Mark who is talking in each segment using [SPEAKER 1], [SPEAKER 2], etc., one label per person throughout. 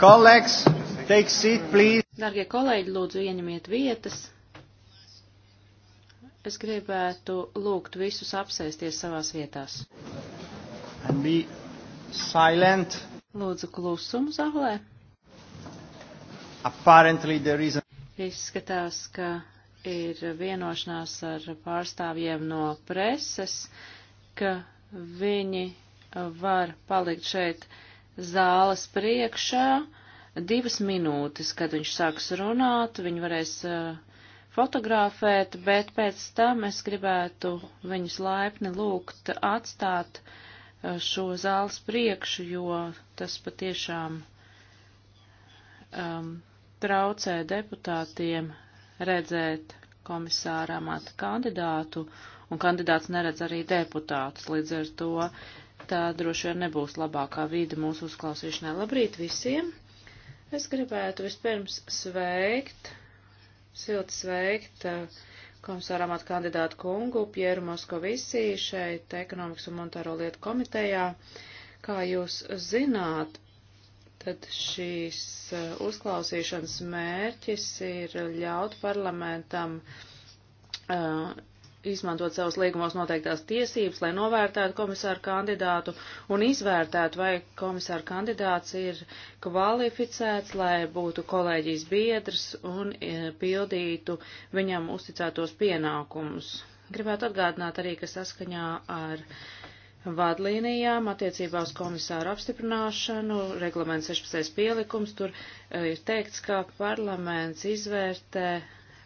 [SPEAKER 1] Kolēģis, take seat, please. Dargie kolēģi, lūdzu ieņemiet vietas. Es gribētu lūgt visus apsēsties savās vietās. And be silent. Lūdzu klusumu zālē. Apparently there is a... Izskatās, ka ir vienošanās ar pārstāvjiem no preses, ka viņi var palikt šeit zāles priekšā divas minūtes, kad viņš sāks runāt, viņi varēs eh, fotografēt, bet pēc tam es gribētu viņus laipni lūgt atstāt eh, šo zāles priekšu, jo tas patiešām um, traucē deputātiem redzēt komisāra amata kandidātu, un kandidāts neredz arī deputātus. Līdz ar to tā droši vien nebūs labākā vīde mūsu uzklausīšanai. Labrīt visiem! Es gribētu vispirms sveikt, silti sveikt eh, komisāram at kandidātu kungu Pieru Moskovisī šeit ekonomikas un monetāro lietu komitejā. Kā jūs zināt, tad šīs eh, uzklausīšanas mērķis ir ļaut parlamentam uh, izmantot savas līgumos noteiktās tiesības, lai novērtētu komisāru kandidātu un izvērtētu, vai komisāru kandidāts ir kvalificēts, lai būtu kolēģijas biedrs un e, pildītu viņam uzticētos pienākumus. Gribētu atgādināt arī, ka saskaņā ar vadlīnijām attiecībā uz komisāru apstiprināšanu, reglaments 16. pielikums, tur e, ir teikts, ka parlaments izvērtē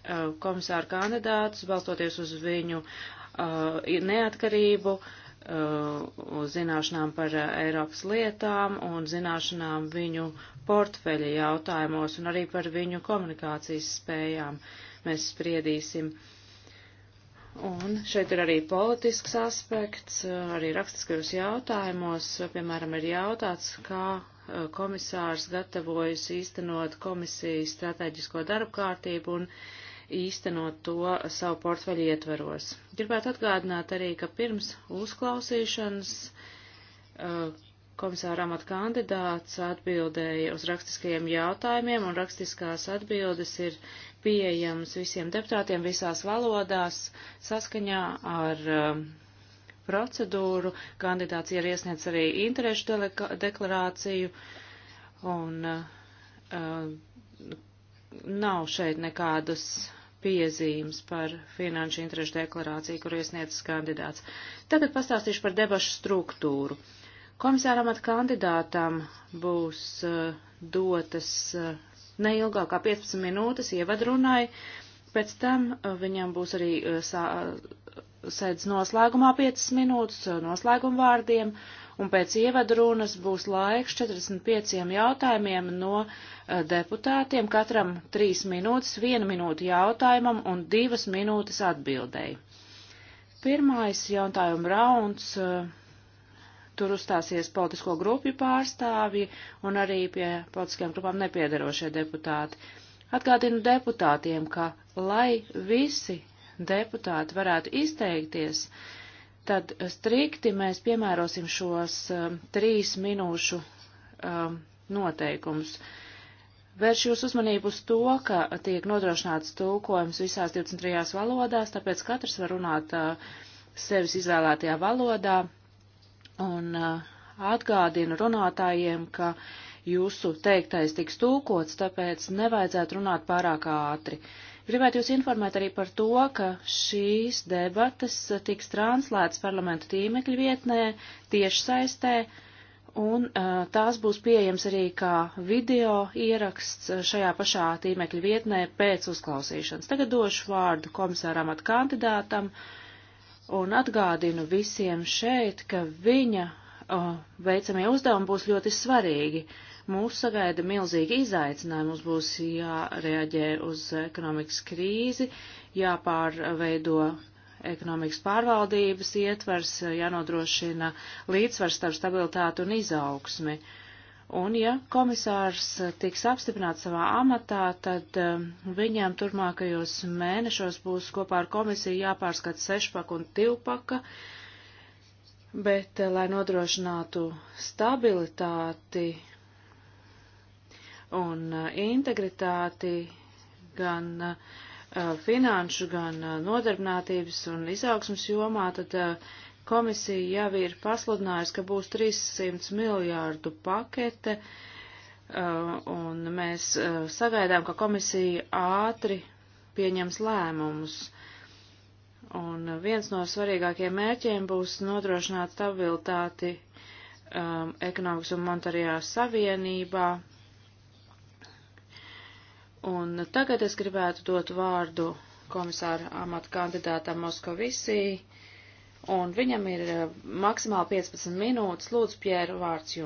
[SPEAKER 1] Uh, komisāru kandidātus, balstoties uz viņu uh, neatkarību, uh, uz zināšanām par Eiropas lietām un zināšanām viņu portfeļa jautājumos un arī par viņu komunikācijas spējām mēs spriedīsim. Un šeit ir arī politisks aspekts, arī rakstiskajos jautājumos, piemēram, ir jautāts, kā komisārs gatavojas īstenot komisijas strateģisko darbu kārtību un uh, īstenot to savu portfeļu ietveros. Gribētu atgādināt arī, ka pirms uzklausīšanas uh, komisāra amata kandidāts atbildēja uz rakstiskajiem jautājumiem, un rakstiskās atbildes ir pieejamas visiem deputātiem visās valodās saskaņā ar um, procedūru. Kandidāts ir iesniedz arī interešu deklarāciju, un uh, nav šeit nekādas piezīmes par finanšu interešu deklarāciju, kur iesniedz kandidāts. Tagad pastāstīšu par debašu struktūru. Komisāram at kandidātam būs uh, dotas uh, eh, neilgākā 15 minūtes ievadrunai, pēc tam uh, viņam būs arī sēdz noslēgumā 5 minūtes noslēguma vārdiem, uh, un pēc ievadrunas būs laiks 45 jautājumiem no uh, deputātiem, katram 3 minūtes, 1 minūte jautājumam un 2 minūtes atbildēji. Pirmais jautājuma rauns. Uh, Tur uzstāsies politisko grupju pārstāvji un arī pie politiskajām grupām nepiedarošie deputāti. Atgādinu deputātiem, ka, lai visi deputāti varētu izteikties, uh, tad strikti mēs piemērosim šos um, trīs minūšu um, noteikumus. Vērš jūs uzmanību uz to, ka tiek nodrošināts tulkojums visās 23 valodās, tāpēc katrs var runāt uh, sevis izvēlētajā valodā un uh, atgādinu runātājiem, ka jūsu teiktais tiks tulkots, tāpēc nevajadzētu runāt pārāk ātri. Uh, Gribētu jūs informēt arī par to, ka šīs debatas tiks translētas parlamentu tīmekļu vietnē tiešsaistē, un tās būs pieejams arī kā video ieraksts šajā pašā tīmekļu vietnē pēc uzklausīšanas. Tagad došu vārdu komisāram at kandidātam un atgādinu visiem šeit, ka viņa veicamie uzdevumi būs ļoti svarīgi. Mūs sagaida milzīgi izaicinājumi, mums būs jāreaģē uz ekonomikas krīzi, jāpārveido ekonomikas pārvaldības ietvers, jānodrošina līdzsvars starp stabilitāti un izaugsmi. Un ja komisārs tiks apstiprināts savā amatā, tad um, viņam turmākajos mēnešos būs kopā ar komisiju jāpārskata sešpaka un divpaka. Uh, bet, eh, lai nodrošinātu stabilitāti un eh, integritāti gan uh, finanšu, gan uh, nodarbinātības un izaugsmas jomā, tad uh, komisija jau ir pasludinājusi, ka būs 300 miljārdu pakete, un mēs sagaidām, ka komisija ātri pieņems lēmumus. Uh, Un viens no svarīgākajiem mērķiem būs nodrošināt stabilitāti um, ekonomikas un monetārajā savienībā. Un tagad es gribētu dot vārdu komisāra amata kandidātam Moskovisī, un viņam ir uh, maksimāli 15 minūtes. Lūdzu, Pjēra, vārds jums.